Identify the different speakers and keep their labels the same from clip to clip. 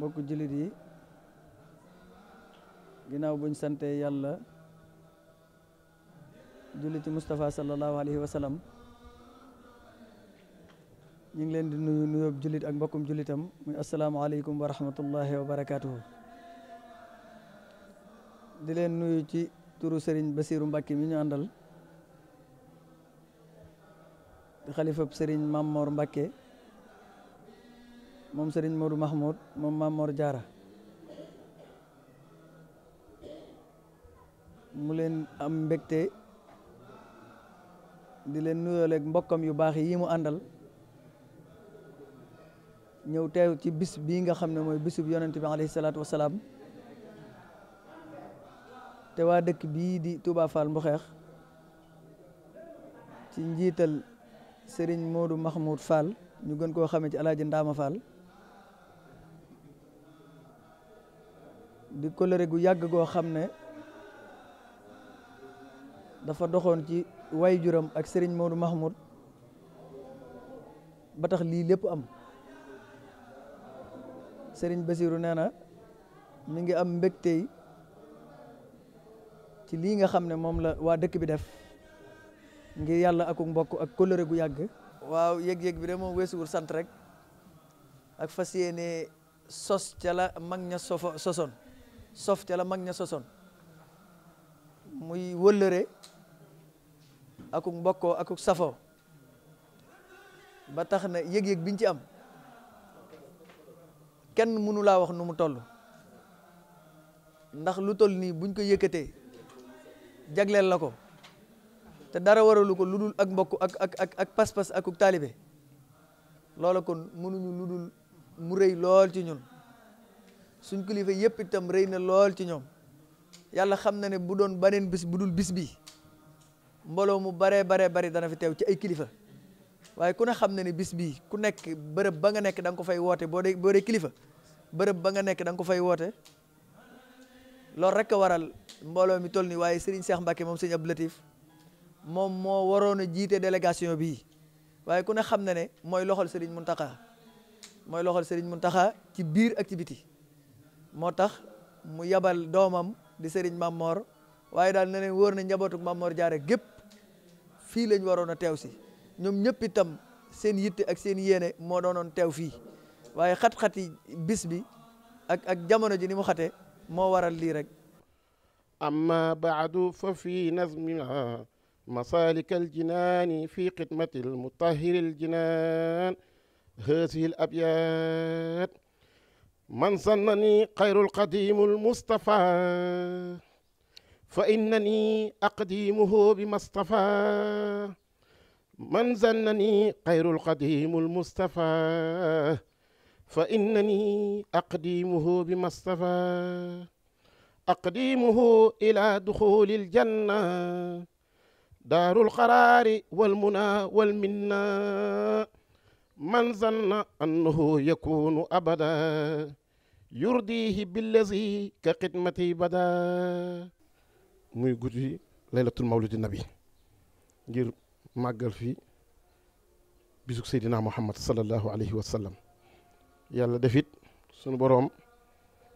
Speaker 1: mbokk jullit yi ginnaaw buñ sante yàlla julli ci Moustapha sallallahu alayhi wa ñu ngi leen di nuyu nuyoob jullit ak mbokkum jullitam muy asalaamaaleykum wa rahmatullahi wa barakaatuhu di leen nuyu ci turu Serigne Bassirou Mbacké mi ñu xalifab sëriñ Mamor Mbakke moom sëriñ Modou Mahmoud moom Mamor Jaara mu leen am mbégte di leen nuyoole ak mbokkam yu baax yi mu àndal ñëw teew ci bis bii nga xam ne mooy bisub yonent bi alayhi salaatu wasalaam te waa dëkk bii di Touba Fall Mbuxeex ci njiital Serigne Modou Mahmoud Fall ñu gën koo xamee ci alaaji Ndaama Fall di coloré gu yàgg goo xam ne dafa doxoon ci way juram ak sëriñ moodu Mahmoud ba tax lii lépp am Serigne Basiru nee na mi ngi am mbégtey ci lii nga xam ne moom la waa dëkk bi def ngir yàlla akuk mbokk ak kóllëre gu yàgg. waaw yëg-yëg bi de moom weesuwul sant rek ak fas yéene sos ca la mag ña sosoon mag ña sosoon muy wëllëre akuk mbokkoo akuk safoo ba tax na yëg-yëg biñ ci am kenn mënu laa wax nu mu toll ndax lu toll nii buñ ko yëkkatee jagleel la ko. te dara waralu ko lu dul ak mbokk ak ak ak ak pas-pas ak ak taalibe loola kon mënuñu lu dul mu rëy lool ci ñun suñ kilifa yëpp itam rëy na lool ci ñoom yàlla xam na ne bu doon baneen bis bu dul bis bi mbooloo mu baree baree bari dana fi teew ci ay kilifa waaye ku ne xam ne ne bis bii ku nekk bërëb ba nga nekk da ko fay woote boo dee boo kilifa bërëb ba nga nekk da nga ko fay woote loolu rek a waral mbooloo mi toll nii waaye Serigne Cheikh Mbacke moom Serigne Abdou Latif moom moo waroon a jiite délégation bii waaye ku ne xam na ne mooy loxol mun taxa mooy loxol Serigne Mountakha ci biir ak moo tax mu yabal doomam di Serigne Mamor waaye daal na ne wóor na njabootu Mamor jaare gépp fii lañ waroon a teew si ñoom ñëpp itam seen yitte ak seen yéene moo doonoon teew fii waaye xat-xati bis bi ak ak jamono ji ni mu xate moo waral lii rek amma
Speaker 2: baadu fa fi nazmina مسالك الجنان في خدمة المطهر الجنان هذه الأبيات من ظنني خير القديم المصطفى فإنني أقديمه بما اصطفى من ظنني خير القديم المصطفى فإنني أقديمه بما اصطفى أقديمه إلى دخول الجنة daarul xaraari wal muna wal minna man zanna annahu yakunu abada yurdihi billazi ka xidmati bada muy guddi laylatul mawlidi nabi ngir màggal fi bisug seydina muhammad sallallahu alayhi wa yàlla defit sunu borom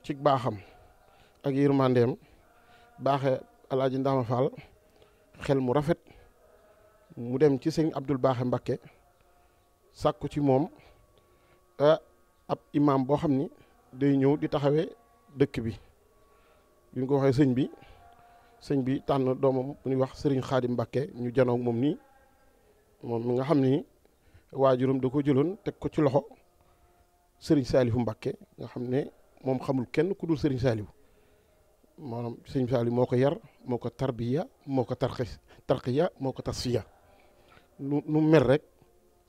Speaker 2: ci baaxam ak yërmandeem baaxe alaaji Ndama Fall xel mu rafet mu dem ci sëñ Abdul Baaxe Mbakke sàkku ci moom ab imaam boo xam ni day ñëw di taxawee dëkk bi bi ko waxee sëñ bi sëñ bi tànn doomam bu ñuy wax sëriñ Xaadim Mbakke ñu janoog moom nii moom mi nga xam ni waajuram da ko jëloon teg ko ci loxo sëriñ Saalihu Mbakke nga xam ne moom xamul kenn ku dul sëriñ Saalihu maanaam sëñ Saliou moo ko yar moo ko tarbiya moo ko tarxis tarqiya moo ko tasfiya lu nu mel rek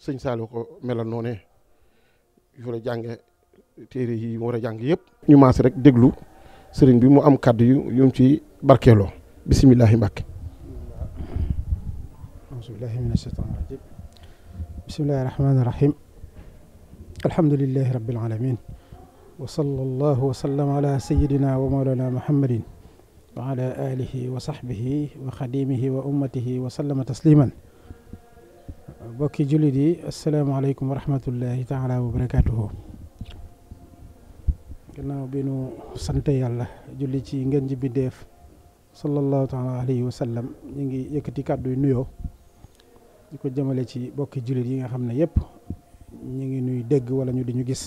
Speaker 2: sëñ Saliou ko melal noonee yu war a jànge téere yi mu war a jàng yëpp ñu maas rek déglu sëriñ bi mu am kàddu yu yu mu ci barkeeloo bisimilahi mbàkke auzubillahi min asheytaan rajim
Speaker 3: bisimilahi rahmaani rahim alhamdulilahi rabbil alamin وصلى الله وسلم على سيدنا ومولانا محمد وعلى آله وصحبه وخديمه وأمته وسلم تسليما bokki jullit yi asalaamaaleykum wa rahmatullahi taala wa barakaatuhu gannaaw bi nu sante yàlla julli ci ngeen ji bindéef sallallahu taala alayhi wa sallam ñu ngi yëkkati kàddu yu nuyoo di ko jëmale ci bokki jullit yi nga xam ne yëpp ñu ngi nuy dégg wala ñu di ñu gis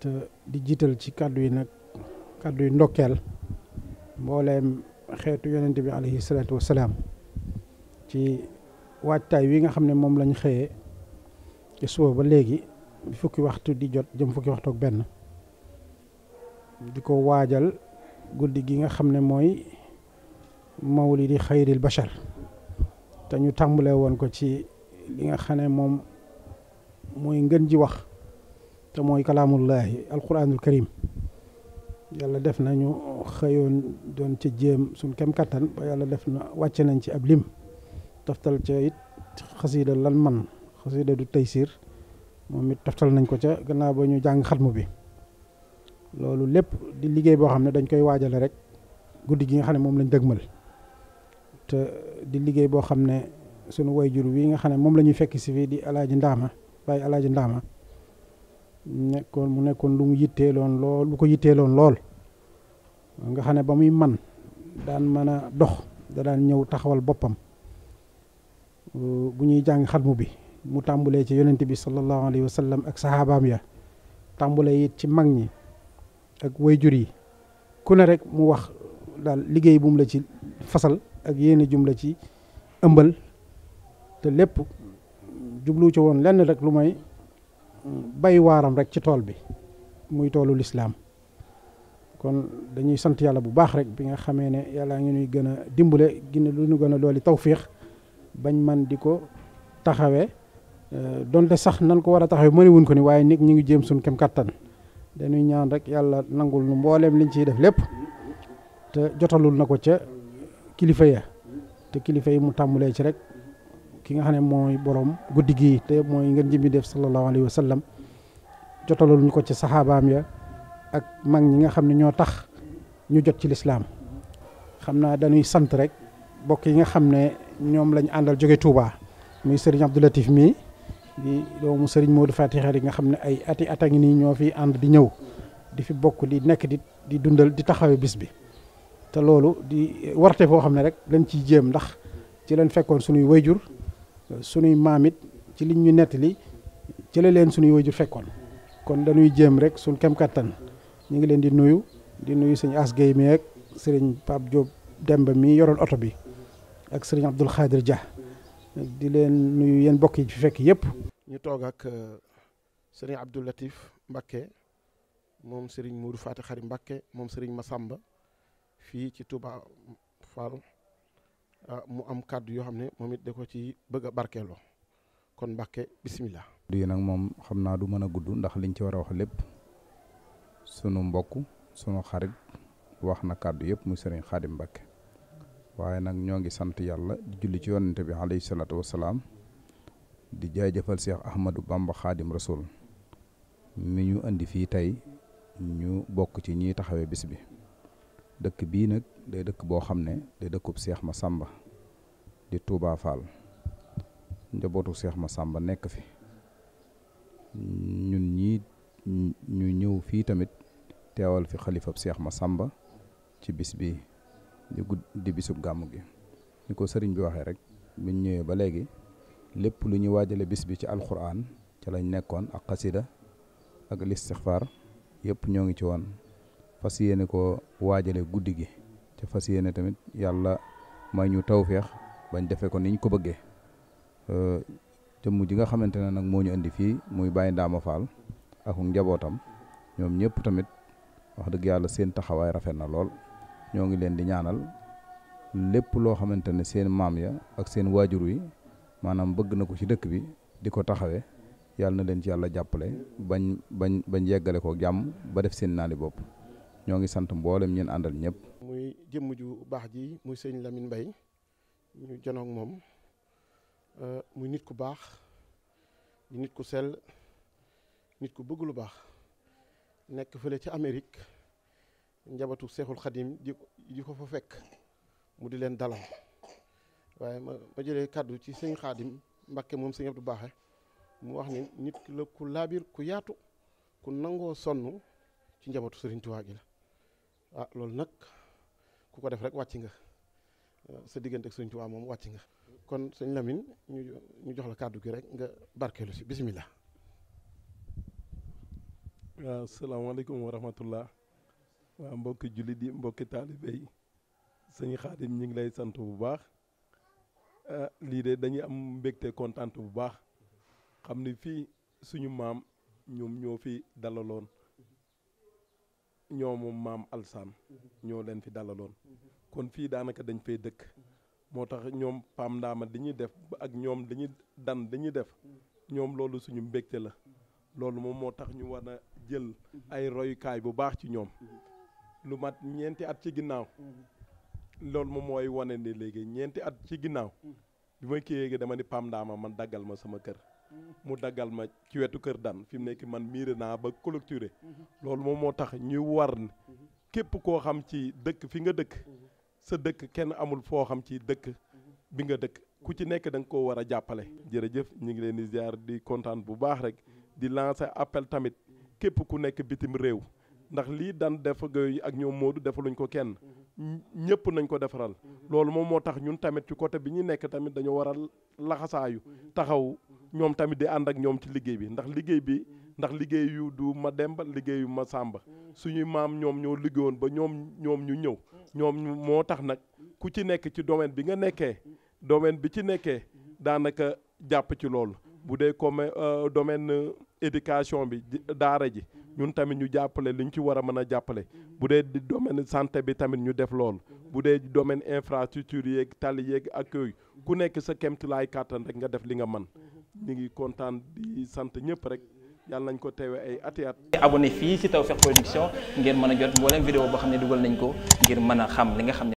Speaker 3: te di jiital ci kàddu yi nag kàddu yi ndokkeel mbooleem xeetu yonent bi alayhi salaatu wasalaam ci waajtaay wi nga xam ne moom lañ xëyee ci suba ba léegi fukki waxtu di jot jëm fukki waxtu benn di ko waajal guddi gi nga xam ne mooy yi mawlidi xayril bashar te ñu tàmbalee woon ko ci li nga xam ne moom mooy ngën ji wax te mooy kalaamullaahi alquranul karim yàlla def na ñu xëyoon doon ca jéem suñ kem kattan ba yàlla def na wàcce nañ ci ab lim toftal ca it xasiida lan man xasiida du taysiir moom it toftal nañ ko ca gannaaw ba ñu jàng xatmu bi loolu lépp di liggéey boo xam ne dañ koy waajale rek guddi gi nga xam ne moom lañ dëgmal te di liggéey boo xam ne sunu jur wi nga xam ne moom la ñuy fekk si fii di alaaji ndaama bàyyi alaaji ndaama nekkoon mu nekkoon lu mu yitteeloon lool lu ko yitteeloon lool nga xam ne ba muy man daan mën a dox da daan ñëw taxawal boppam bu ñuy jàng xatmu bi mu tàmbulee ci yonent bi sallallahu alayhi wa ak saxaabaam ya tàmbulee it ci mag ñi ak wayjur yi ku ne rek mu wax daal liggéey bu la ci fasal ak yéene jum la ci ëmbal te lépp jublu ci woon lenn rek lu may bay waaram rek ci tool bi muy toolu lislaam kon dañuy sant yàlla bu baax rek bi nga xamee ne yàlla ngi ñuy gën a dimbale gine lu ñu gën a looli tawfiix bañ man di ko taxawee euh, donte sax nan ko war a taxawee mënewuñ ko ni waaye nit ñu ngi jéem suñ kem kàttan dañuy ñaan rek yàlla nangul nu mbooleem liñ ciy def lépp te jotalul na ko ca kilifa ya te kilifa yi mu tàmbulee ci rek ki nga xam ne mooy borom guddi gii te mooy ngeen jëmmi def sallallahu alayhi wa sallam jotaloon ko ci saxaabaam ya ak mag ñi nga xam ne ñoo tax ñu jot ci lislaam xam naa dañuy sant rek bokk yi nga xam ne ñoom lañ àndal jóge tuubaa muy Serigne Abdou Latif mii di doomu Serigne Modou Fati xeer yi nga xam ne ay ati at a ngi nii ñoo fi ànd di ñëw di fi bokk di nekk di di dundal di taxawee bis bi te loolu di warte foo xam ne rek lañ ciy jéem ndax ci lañ fekkoon suñuy wayjur sunuy maamit ci liñ ñu nettali ci leen sunuy wajur fekkoon kon dañuy jéem rek suñ kem kattan ñu ngi leen di nuyu di nuyu sëñ Asgay mi ak sëriñ Pape Diop Demba mi yoroon oto bi ak sëriñ Abdul Xaadir ja di leen nuyu yéen mbokk yi fi fekk yëpp.
Speaker 2: ñu toog ak euh, sëriñ Abdou Latif Mbakke moom sëriñ Mourou Fati Xari moom sëriñ Massamba fii ci Touba Fall. Ah, mu am kàddu yoo xam ne moom it da ko ci bëgg a barkeeloo kon Mbàkke bisimilah.
Speaker 4: di nag moom xam naa du mën a gudd ndax liñ ci war a wax lépp sunu mbokk sunu xarit wax na kàddu yëpp muy sëriñ Xaadim Mbàkke waaye nag ñoo ngi sant yàlla di julli ci yonante bi alayhi salaatu wasalaam di jaajëfal Cheikh Ahmadou Bamba Xaadim Rasul mi ñu indi fii tey ñu bokk ci ñiy taxawee bis bi dëkk bii nag. day dëkk boo xam ne day dëkkub Seex ma Masàmba di Touba njabootu Seex ma Masàmba nekk fi ñun ñii ñu ñëw fii tamit teewal fi xalifab Seex ma Masàmba ci bis bi di gudd di bisub gàmm gi ñu ko sëriñ bi waxee rek buñ ñëwee ba léegi lépp lu ñu waajale bis bi ci alxuraan ca lañ nekkoon ak xasida ak listixfaar yëpp ñoo ngi ci woon fas yéene ko waajale guddi gi te fas yéene tamit yàlla may ñu tawféex bañ defee ko niñ ko bëggee euh, mu ji nga xamante ne nag moo ñu indi fii muy Baye Ndama Fall ak njabootam ñoom ñëpp tamit wax dëgg yàlla seen taxawaay rafet na lool ñoo ngi leen di ñaanal lépp loo xamante ne seen maam ya ak seen waajur wi maanaam bëgg na ko ci dëkk bi di ko taxawe yàlla na leen ci yàlla jàppale bañ bañ bañ yeggale ko jàmm ba def seen naali bopp ñoo ngi sant mboolem ñeen àndal ñëpp.
Speaker 2: muy jëmm ju baax ji muy sëñ Lamine Mbaye ñu janoog moom euh, muy nit ku baax di nit ku sel nit ku bëgg lu baax nekk fële ci Amérique njabatu Seexul Xadim di ko fa fekk mu di leen dalal waaye ma ma jëlee kàddu ci sëñ Xadim Mbakke moom sëñ Abdou Baaxe mu wax ni nit la ku laabir ku yaatu ku nangoo sonn ci njabootu Serigne Touba gi ah loolu nag ku ko def rek wàcc nga ah, sa diggante ak Sëriñ Tuubaa moom wàcc nga kon sëñ Lamine ñu jox la
Speaker 5: kàddu gi rek nga barkeelu si bisimilah. waaw ah, salaamaaleykum wa rahmatullah waa ah, mbokki jullit yi mbokki taalibe yi sëñ ñu ngi lay sant bu baax lii de dañuy am mbégte kontaan bu baax xam ni fii suñu maam ñoom ñoo fi dalaloon ñoomu maam alsaan ñoo leen fi dalaloon kon fii daanaka dañ fay dëkk moo tax ñoom paam ndaama li ñuy def ak ñoom li ñuy dan li ñuy def ñoom loolu suñu mbégte la loolu moom moo tax ñu war a jël ay royukaay bu baax ci ñoom lu mat ñeenti at ci ginnaaw loolu moom mooy wane ni léegi ñeenti at ci ginnaaw bi ma kii yéegi dama ni paam ndaama man daggal ma sama kër mu daggal ma ci wetu kër dan fi mu nekk man miire naa ba clôturer loolu moom moo tax ñuy war képp koo xam ci dëkk fi nga dëkk sa dëkk kenn amul foo xam ci dëkk bi nga dëkk ku ci nekk danga nga koo war a jàppale jërëjëf ñu ngi leen di ziar di kontaan bu baax rek di lancer appel tamit képp ku nekk bitim réew ndax lii daan def yi ak ñoom Modou defaluñ ko kenn ñëpp nañ ko defaral loolu moom moo tax ñun tamit ci côté bi ñu nekk tamit dañoo war a laxasaayu taxaw ñoom tamit di ànd ak ñoom ci liggéey bi ndax liggéey bi ndax liggéey du ma demba liggéeyu ma sàmba suñuy maam ñoom ñoo liggéeyoon ba ñoom ñoom ñu ñëw ñoom moo tax nag ku ci nekk ci domaine bi nga nekkee domaine bi ci nekkee daanaka jàpp ci loolu bu dee comme euh, domaine éducation bi daara ji ñun tamit ñu jàppale li ñu ci war a mën a jàppale bu dee di domaine santé bi tamit ñu def loolu bu dee domaine infrastructure yeeg tali ak accueil ku nekk sa kemtulaay kàttan rek nga def li nga mën ñu ngi kontaan di sant ñëpp rek yàlla nañ ko teewee ay ati abon abonné fii
Speaker 4: ci Tawfekh Production ngeen mën a jot mboolem vidéo boo xam ne dugal nañ ko ngir mën a xam li nga xam ne.